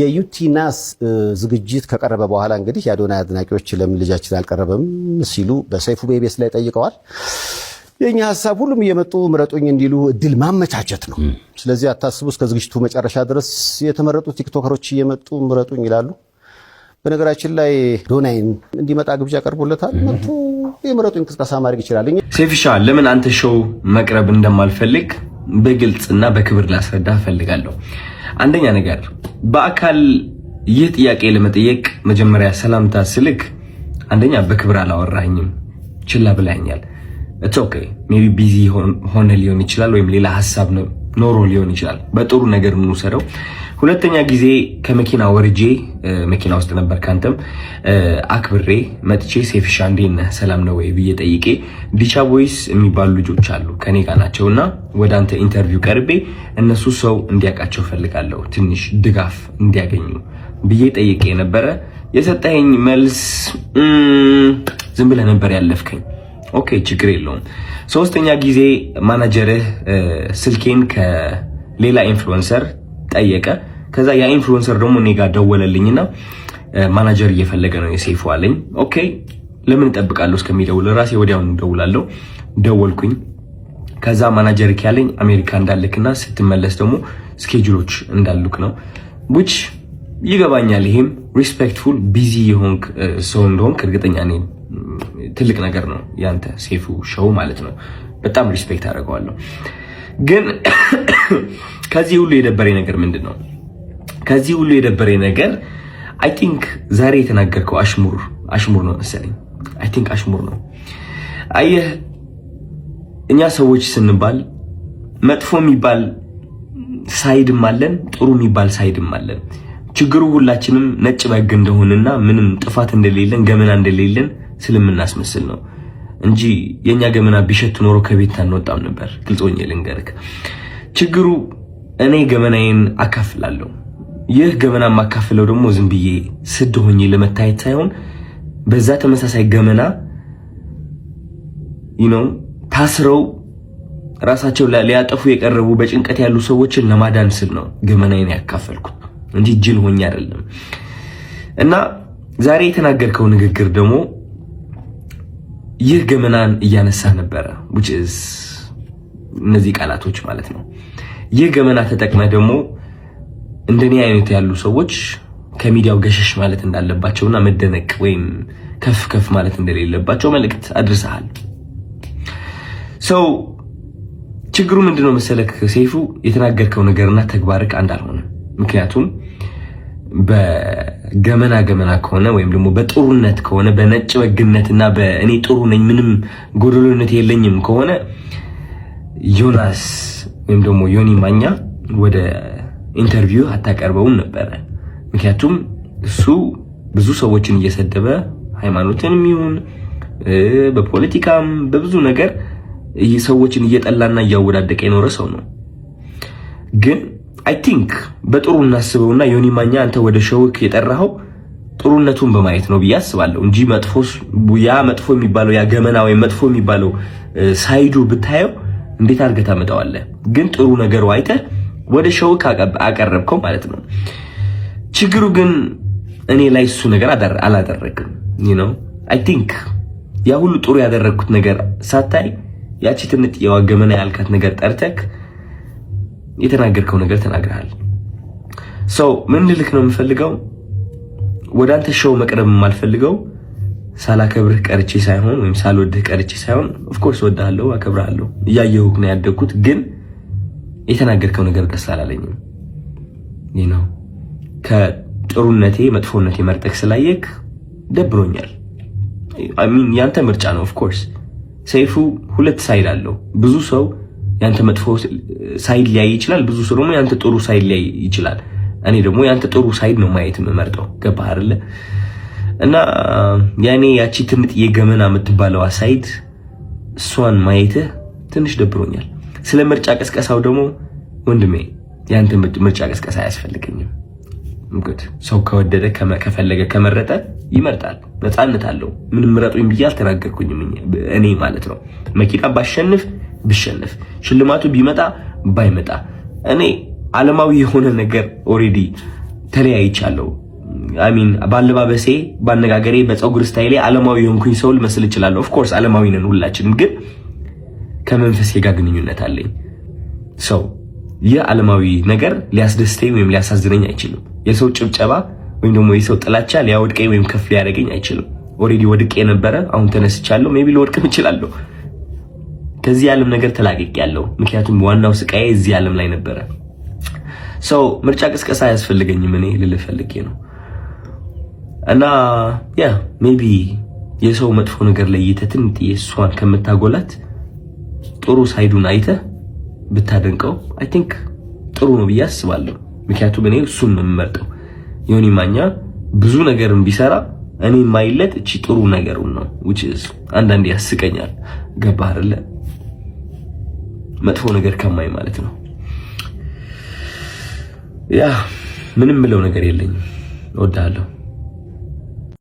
የዩቲናስ ዝግጅት ከቀረበ በኋላ እንግዲህ የአዶናይ አድናቂዎች ለምን ልጃችን አልቀረበም ሲሉ በሰይፉ ቤቤስ ላይ ጠይቀዋል። የእኛ ሀሳብ ሁሉም እየመጡ ምረጡኝ እንዲሉ እድል ማመቻቸት ነው። ስለዚህ አታስቡ፣ እስከ ዝግጅቱ መጨረሻ ድረስ የተመረጡ ቲክቶከሮች እየመጡ ምረጡኝ ይላሉ። በነገራችን ላይ ዶናይን እንዲመጣ ግብዣ ቀርቦለታል። መጡ የምረጡኝ እንቅስቃሴ ማድረግ ይችላል። ሴፍሻ ለምን አንተ ሾው መቅረብ እንደማልፈልግ በግልጽና በክብር ላስረዳ እፈልጋለሁ። አንደኛ ነገር በአካል ይህ ጥያቄ ለመጠየቅ መጀመሪያ ሰላምታ ስልክ፣ አንደኛ በክብር አላወራኝም፣ ችላ ብላኛል። ኦኬ ቢ ቢዚ ሆነ ሊሆን ይችላል፣ ወይም ሌላ ሀሳብ ኖሮ ሊሆን ይችላል። በጥሩ ነገር የምንውሰደው ሁለተኛ ጊዜ ከመኪና ወርጄ መኪና ውስጥ ነበር። ካንተም አክብሬ መጥቼ ሴፍሻ እንዴት ነህ ሰላም ነው ወይ ብዬ ጠይቄ ዲቻ ቦይስ የሚባሉ ልጆች አሉ ከኔ ጋር እና ወደ አንተ ኢንተርቪው ቀርቤ እነሱ ሰው እንዲያውቃቸው ፈልጋለሁ ትንሽ ድጋፍ እንዲያገኙ ብዬ ጠይቄ ነበረ። የሰጠኝ መልስ ዝም ብለህ ነበር ያለፍከኝ። ኦኬ ችግር የለውም። ሶስተኛ ጊዜ ማናጀርህ ስልኬን ከሌላ ኢንፍሉዌንሰር ጠየቀ። ከዛ ያ ኢንፍሉዌንሰር ደግሞ እኔ ጋር ደወለልኝና ማናጀር እየፈለገ ነው የሴፉ አለኝ። ኦኬ ለምን እጠብቃለሁ እስከሚደውል ራሴ ወዲያውኑ ደውላለሁ ደወልኩኝ። ከዛ ማናጀር ያለኝ አሜሪካ እንዳልክና ስትመለስ ደግሞ ስኬጁሎች እንዳሉክ ነው ዊች ይገባኛል። ይሄም ሪስፔክትፉል ቢዚ የሆንክ ሰው እንደሆንክ እርግጠኛ ነኝ። ትልቅ ነገር ነው ያንተ ሴፉ ሾው ማለት ነው። በጣም ሪስፔክት አደርገዋለሁ። ግን ከዚህ ሁሉ የደበረኝ ነገር ምንድን ነው? ከዚህ ሁሉ የደበረ ነገር አይ ቲንክ ዛሬ የተናገርከው አሽሙር አሽሙር ነው መሰለኝ። አይ ቲንክ አሽሙር ነው። አየህ እኛ ሰዎች ስንባል መጥፎ የሚባል ሳይድም አለን፣ ጥሩ የሚባል ሳይድም አለን። ችግሩ ሁላችንም ነጭ በግ እንደሆንና ምንም ጥፋት እንደሌለን ገመና እንደሌለን ስለምናስመስል ነው እንጂ የእኛ ገመና ቢሸት ኖሮ ከቤት አንወጣም ነበር። ግልጾኝ ልንገርክ፣ ችግሩ እኔ ገመናዬን አካፍላለሁ ይህ ገመና የማካፍለው ደግሞ ዝም ብዬ ስድ ሆኜ ለመታየት ሳይሆን በዛ ተመሳሳይ ገመና ነው ታስረው ራሳቸው ሊያጠፉ የቀረቡ በጭንቀት ያሉ ሰዎችን ለማዳን ስል ነው ገመናዬን ያካፈልኩት እንጂ ጅል ሆኜ አይደለም። እና ዛሬ የተናገርከው ንግግር ደግሞ ይህ ገመናን እያነሳ ነበረ። እነዚህ ቃላቶች ማለት ነው። ይህ ገመና ተጠቅመህ ደግሞ እንደኔ አይነት ያሉ ሰዎች ከሚዲያው ገሸሽ ማለት እንዳለባቸውና መደነቅ ወይም ከፍ ከፍ ማለት እንደሌለባቸው መልእክት አድርሰሃል። ሰው ችግሩ ምንድነው መሰለክ ሰይፉ፣ የተናገርከው ነገርና ተግባርክ አንድ አልሆነ። ምክንያቱም በገመና ገመና ከሆነ ወይም ደግሞ በጥሩነት ከሆነ በነጭ በግነትና በእኔ ጥሩ ነኝ ምንም ጎደሎነት የለኝም ከሆነ ዮናስ ወይም ደግሞ ዮኒ ማኛ ወደ ኢንተርቪው አታቀርበውም ነበረ። ምክንያቱም እሱ ብዙ ሰዎችን እየሰደበ ሃይማኖትንም ይሁን በፖለቲካም በብዙ ነገር ሰዎችን እየጠላና እያወዳደቀ የኖረ ሰው ነው። ግን አይ ቲንክ በጥሩ እናስበውና ዮኒ ማኛ አንተ ወደ ሸውክ የጠራኸው ጥሩነቱን በማየት ነው ብዬ አስባለሁ እንጂ መጥፎ ያ መጥፎ የሚባለው ያ ገመና ወይም መጥፎ የሚባለው ሳይዱ ብታየው እንዴት አድርገህ ታመጣዋለህ? ግን ጥሩ ነገሩ አይተህ ወደ ሸውክ አቀረብከው ማለት ነው። ችግሩ ግን እኔ ላይ እሱ ነገር አላደረግም። ነው አይ ቲንክ ያ ሁሉ ጥሩ ያደረግኩት ነገር ሳታይ ያቺ ትንጥ የዋገመና ያልካት ነገር ጠርተክ የተናገርከው ነገር ተናግረሃል። ሰው ምን ልልክ ነው የምፈልገው፣ ወደ አንተ ሸው መቅረብ የማልፈልገው ሳላከብርህ ቀርቼ ሳይሆን ወይም ሳልወድህ ቀርቼ ሳይሆን፣ ኦፍኮርስ ወድሃለሁ፣ አከብርሃለሁ እያየሁህ ነው ያደግኩት ግን የተናገርከው ነገር ደስ አላለኝም ነው ከጥሩነቴ መጥፎነቴ መርጠክ ስላየክ ደብሮኛል። ሚን ያንተ ምርጫ ነው። ኦፍኮርስ ሰይፉ ሁለት ሳይድ አለው። ብዙ ሰው ያንተ መጥፎ ሳይድ ሊያይ ይችላል፣ ብዙ ሰው ደግሞ ያንተ ጥሩ ሳይድ ሊያይ ይችላል። እኔ ደግሞ ያንተ ጥሩ ሳይድ ነው ማየት የምመርጠው። ገባህ አይደለ? እና ያኔ ያቺ ትምጥ የገመና የምትባለዋ ሳይድ እሷን ማየትህ ትንሽ ደብሮኛል። ስለ ምርጫ ቀስቀሳው ደግሞ ወንድሜ ያንተ ምርጫ ቅስቀሳ አያስፈልገኝም። እንግዲህ ሰው ከወደደ ከፈለገ ከመረጠ ይመርጣል፣ ነፃነት አለው። ምንም ምረጡኝ ብዬ አልተናገርኩኝም እኔ ማለት ነው። መኪና ባሸንፍ ብሸንፍ፣ ሽልማቱ ቢመጣ ባይመጣ፣ እኔ ዓለማዊ የሆነ ነገር ኦሬዲ ተለያይቻለሁ። አሚን ባለባበሴ፣ ባነጋገሬ፣ በፀጉር ስታይሌ ዓለማዊ የሆንኩኝ ሰው ልመስል እችላለሁ። ኦፍኮርስ ዓለማዊ ነን ሁላችንም፣ ግን ከመንፈሴ ጋር ግንኙነት አለኝ ሰው የዓለማዊ ነገር ሊያስደስተኝ ወይም ሊያሳዝነኝ አይችልም። የሰው ጭብጨባ ወይም ደግሞ የሰው ጥላቻ ሊያወድቀኝ ወይም ከፍ ሊያደርገኝ አይችልም። ኦልሬዲ ወድቄ የነበረ አሁን ተነስቻለሁ። ሜቢ ልወድቅም እችላለሁ። ከዚህ ዓለም ነገር ያለው ምክንያቱም ዋናው ስቃዬ እዚህ ዓለም ላይ ነበረ። ሰው ምርጫ ቅስቀሳ አያስፈልገኝም እኔ ልልህ ነው። እና ያ ሜቢ የሰው መጥፎ ነገር ለይተህ ትንጥዬ እሷን ከምታጎላት ጥሩ ሳይዱን አይተህ ብታደንቀው አይ ቲንክ ጥሩ ነው ብዬ አስባለሁ። ምክንያቱም እኔ እሱን ነው የምመርጠው። ዮኒ ማኛ ብዙ ነገርን ቢሰራ እኔ የማይለት እቺ ጥሩ ነገር ነው which is አንዳንዴ ያስቀኛል። ገባህ አይደለ? መጥፎ ነገር ከማይ ማለት ነው። ያ ምንም ምለው ነገር የለኝም። እወድሃለሁ።